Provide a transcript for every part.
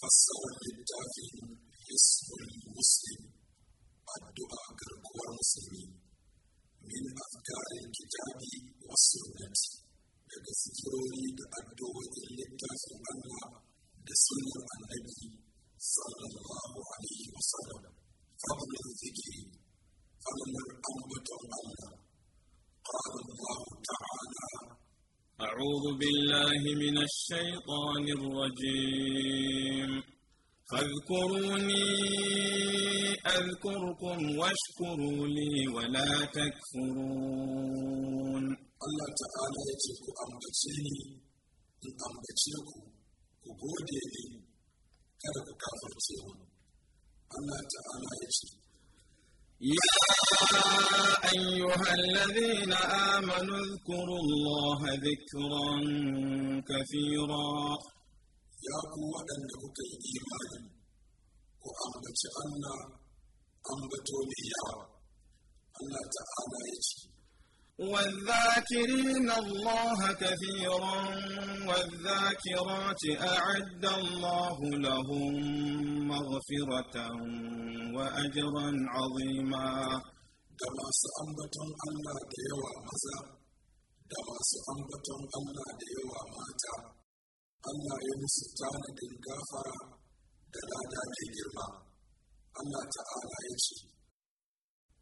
فسر littafin hisbul muslim addu'a garkuwar musulmi min afkarin kitabi wa sunnati daga zikirori da addu'o'in littafin Allah da sunnar annabi sallallahu alaihi wa sallam fadlan zikiri fadlan ambaton Allah قال الله تعالى أعوذ بالله من الشيطان الرجيم فاذكروني أذكركم واشكروا لي ولا تكفرون الله تعالى أن تسيني إن أمبتيك وقودي لي كذا كافر الله تعالى يجب يا أيها الذين آمنوا اذكروا الله ذكرا كثيرا يا قوة أنك إيمان وأنبت أن أنبتوني يا الله تعالى يجي والذاكرين الله كثيرا والذاكرات أعد الله لهم مغفرة وأجرا عظيما كما سأمتم الله ديوى مزا كما سأمتم الله ديوى ماتا الله يمسطان دين كافرا دلالا دين الله الله تعالى يشيك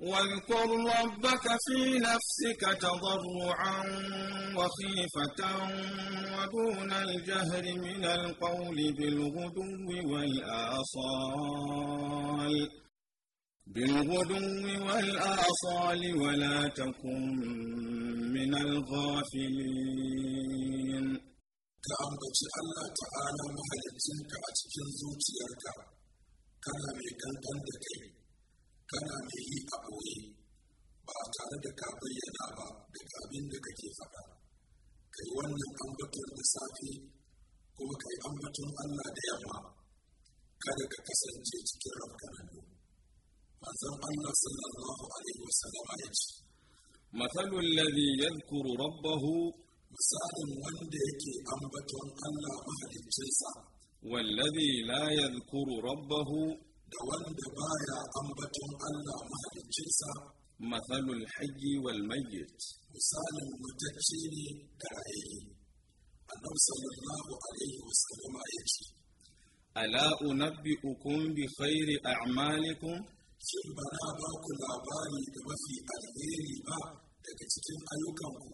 واذكر ربك في نفسك تضرعا وخيفة ودون الجهر من القول بالغدو والآصال بالغدو والآصال ولا تكن من الغافلين كأنبت الله تعالى مهلتك أتكن زوتيرك كان ميكان عندك kana mai yi a ɓoye ba tare da ka bayyana ba daga abin da kake faɗa ka yi wannan ambaton da safe kuma ka yi ambaton allah da yamma kada ka kasance cikin rafkananu manzon allah sallallahu alaihi wasallama ya ce مثل الذي يذكر ربه misalin wanda yake ambaton Allah mahaliccinsa wallazi la yadhkuru rabbahu da wanda baya ambaton Allah mahaliccinsa mathalul hayyi wal mayyit misalin mutacce ne da rayayye annabi sallallahu alaihi wasallam ya ce ala unabbiukum bi khairi a'malikum shin ba na ba ku labari da mafi alheri ba daga cikin ayyukanku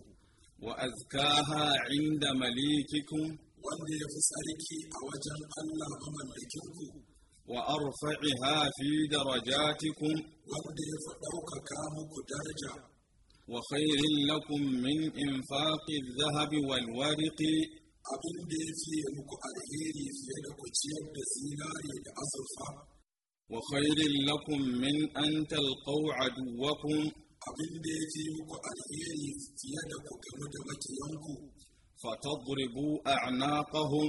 wa azkaha inda malikikum wanda ya fi tsarki a wajen Allah mamallakinku وأرفعها في درجاتكم وخير لكم من إنفاق الذهب والورق وخير لكم من أن تلقوا عدوكم فتضربوا أعناقهم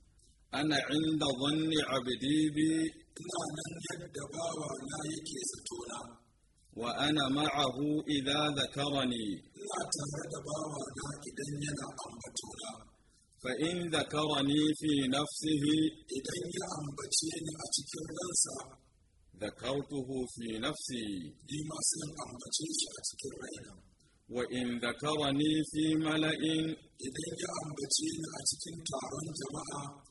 أنا عند ظن عبدي بي إنا من يدبا ولا يكي وأنا معه إذا ذكرني إنا تهدبا ولا إذن ينا أمبتونا فإن ذكرني في نفسه إذن يأمبتين أتكر ننسى ذكرته في نفسي لما سن أمبتيش أتكر رينا وإن ذكرني في ملأ إذن يأمبتين أتكر تارون جماعة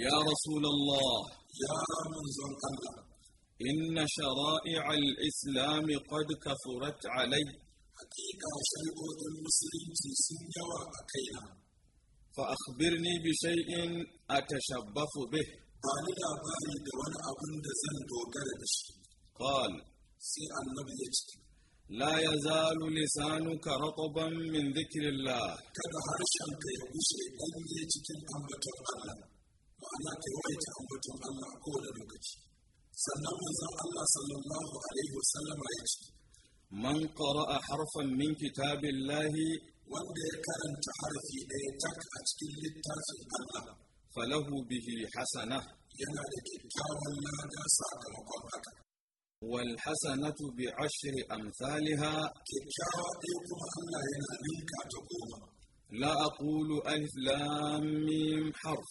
يا رسول الله يا منزل الله إن شرائع الإسلام قد كثرت علي حقيقة المسلم في سنجوا أكينا فأخبرني بشيء أتشبث به قال لا باري ولا أبن دزن دوغردش قال سي النبي يجي لا يزال لسانك رطبا من ذكر الله كذا هرشان كيبوشي أن يجي أمبتر الله ana ta yawaita ambaton Allah a kowane lokaci sannan manzon Allah sallallahu alaihi wasallam ya ce man qara'a harfan min kitabillahi wanda ya karanta harfi ɗaya tak a cikin littafin Allah falahu bihi hasana yana da kyakkyawan lada sakamakon haka والحسنة بعشر أمثالها لا أقول ألف لام ميم حرف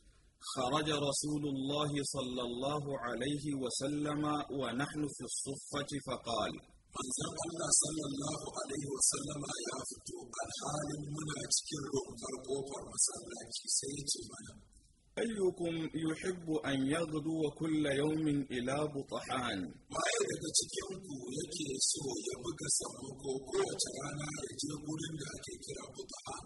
خرج رسول الله صلى الله عليه وسلم ونحن في الصفة فقال فانتقلنا صلى الله عليه وسلم يا فتو الحال من أتكر ضربوك ومسألك سيتي أيكم يحب أن يغدو كل يوم إلى بطحان؟ ما يريد تكيرك يكي سو يبقى سمكو كل تغانا بطحان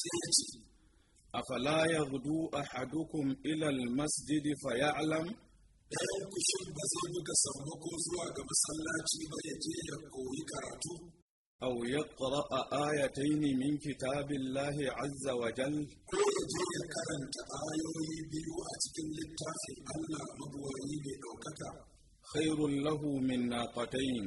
سيأتي أفلا يغدو أحدكم إلى المسجد فيعلم ɗayan ku ba zai buga sammako zuwa ga masallaci ba ya je ya koyi karatu أو يقرأ آيتين من كتاب الله عز وجل خير له من ناقتين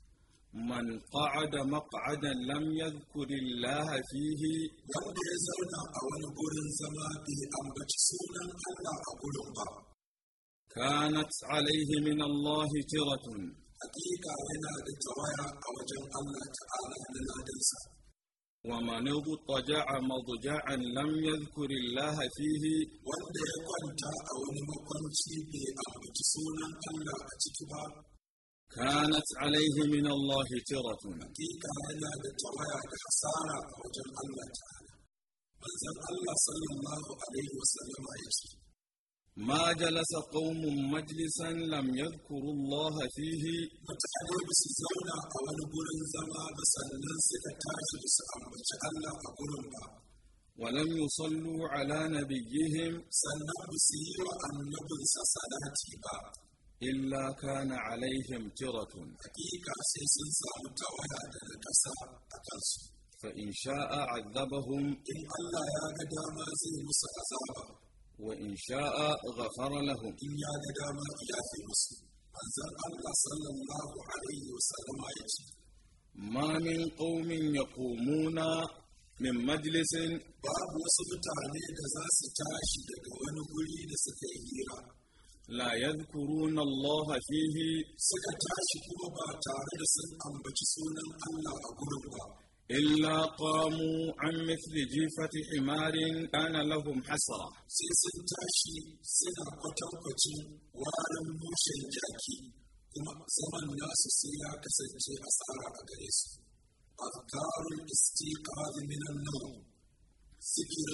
من قعد مقعدا لم يذكر الله فيه wanda ya zauna a wani gurin zama bai كانت عليه من الله جرة الله تعالى لنا ومن اضطجع مضجعا لم يذكر الله فيه سونا كانت عليه من الله ترة حقيقة أنا بتوعي يعني بخسارة وجل الله تعالى منزل الله صلى الله عليه وسلم يجي ما جلس قوم مجلسا لم يذكروا الله فيه متحدي بس زونا أو نقول زما بس ننسك تاجي بس أمبتش الله أقول ولم يصلوا على نبيهم سنة بسيرة أن نبنس صلاتي باب إلا كان عليهم ترة فإن شاء عذبهم إن يا وإن شاء غفر لهم إن يا في مسلم صلى الله عليه وسلم ما من قوم يقومون من مجلس babu wasu mutane da za su tashi لا يذكرون الله فيه إلا قاموا عن مثل جيفة حمار كان لهم حسرة سيسن تاشي سنة قطوكتي وارم جاكي أذكار الاستيقاظ من النوم سكر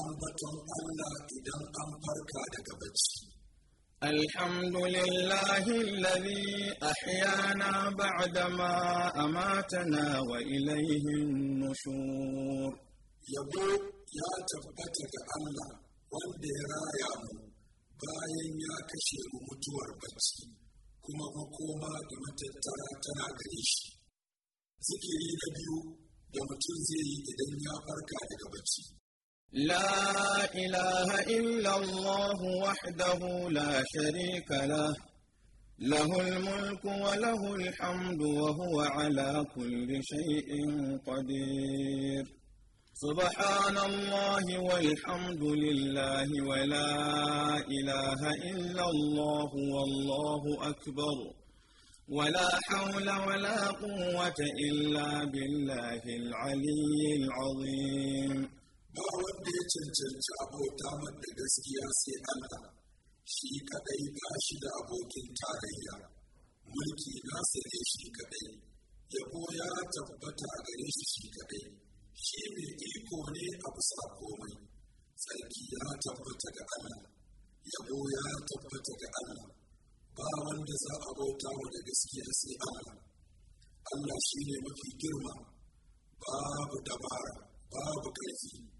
أنبت ألا إذا أنبرك دكبتي الحمد لله الذي أحيانا بعدما أماتنا وإليه النشور يبو يا تبتك الله wanda ya raya mu bayan ya kashe mu mutuwar bacci kuma makoma da matattara tana gare shi zikiri na biyu da mutum zai yi idan ya farka daga bacci لا إله إلا الله وحده لا شريك له له الملك وله الحمد وهو على كل شيء قدير سبحان الله والحمد لله ولا إله إلا الله والله أكبر ولا حول ولا قوة إلا بالله العلي العظيم ba wanda ya cancanci abota da gaskiya sai Allah shi kadai ba shi da abokin tarayya mulki na ne shi kadai yabo ya tabbata a gare shi shi kadai shi ne iko ne a bisa komai sarki ya tabbata ga Allah yabo ya tabbata ga Allah ba wanda za a bauta wa da gaskiya sai Allah Allah shi ne mafi girma babu dabara babu karfi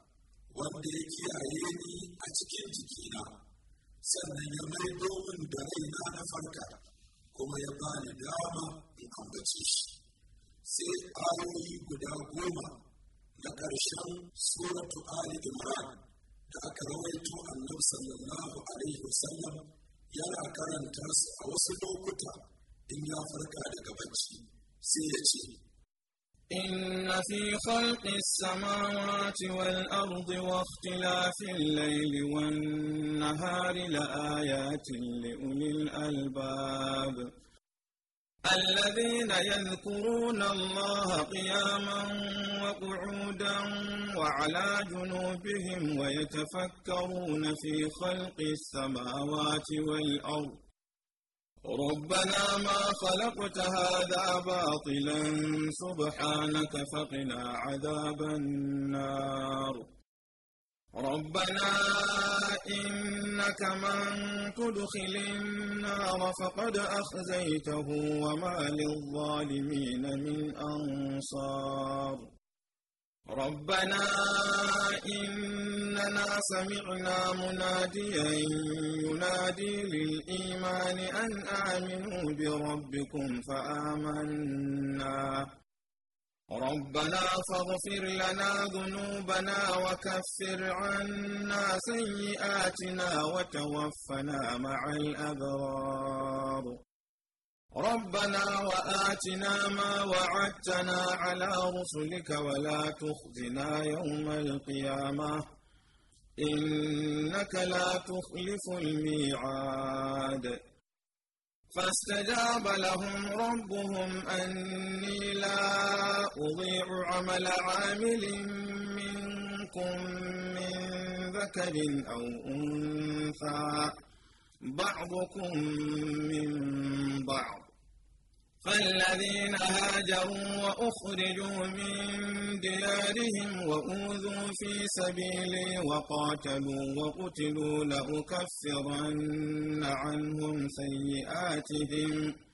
wanda ya kiyaye ni a cikin jikina sannan ya mai domin da raina na farka kuma ya bani dama in ambace shi sai ayoyi guda goma na ƙarshen suratu ali imran da aka rawaito annabi sallallahu alaihi wasallam yana karanta su a wasu lokuta in ya farka daga bacci sai ya ce إن في خلق السماوات والأرض واختلاف الليل والنهار لآيات لأولي الألباب الذين يذكرون الله قياما وقعودا وعلى جنوبهم ويتفكرون في خلق السماوات والأرض ربنا ما خلقت هذا باطلا سبحانك فقنا عذاب النار ربنا إنك من تدخل النار فقد أخزيته وما للظالمين من أنصار ربنا إننا سمعنا مناديا ينادي للإيمان أن آمنوا بربكم فآمنا ربنا فاغفر لنا ذنوبنا وكفر عنا سيئاتنا وتوفنا مع الأبرار ربنا وآتنا ما وعدتنا على رسلك ولا تخزنا يوم القيامة إنك لا تخلف الميعاد فاستجاب لهم ربهم أني لا أضيع عمل عامل منكم من ذكر أو أنثى بعضكم من بعض فالذين هاجروا وأخرجوا من ديارهم وأوذوا في سبيلي وقاتلوا وقتلوا لأكفرن عنهم سيئاتهم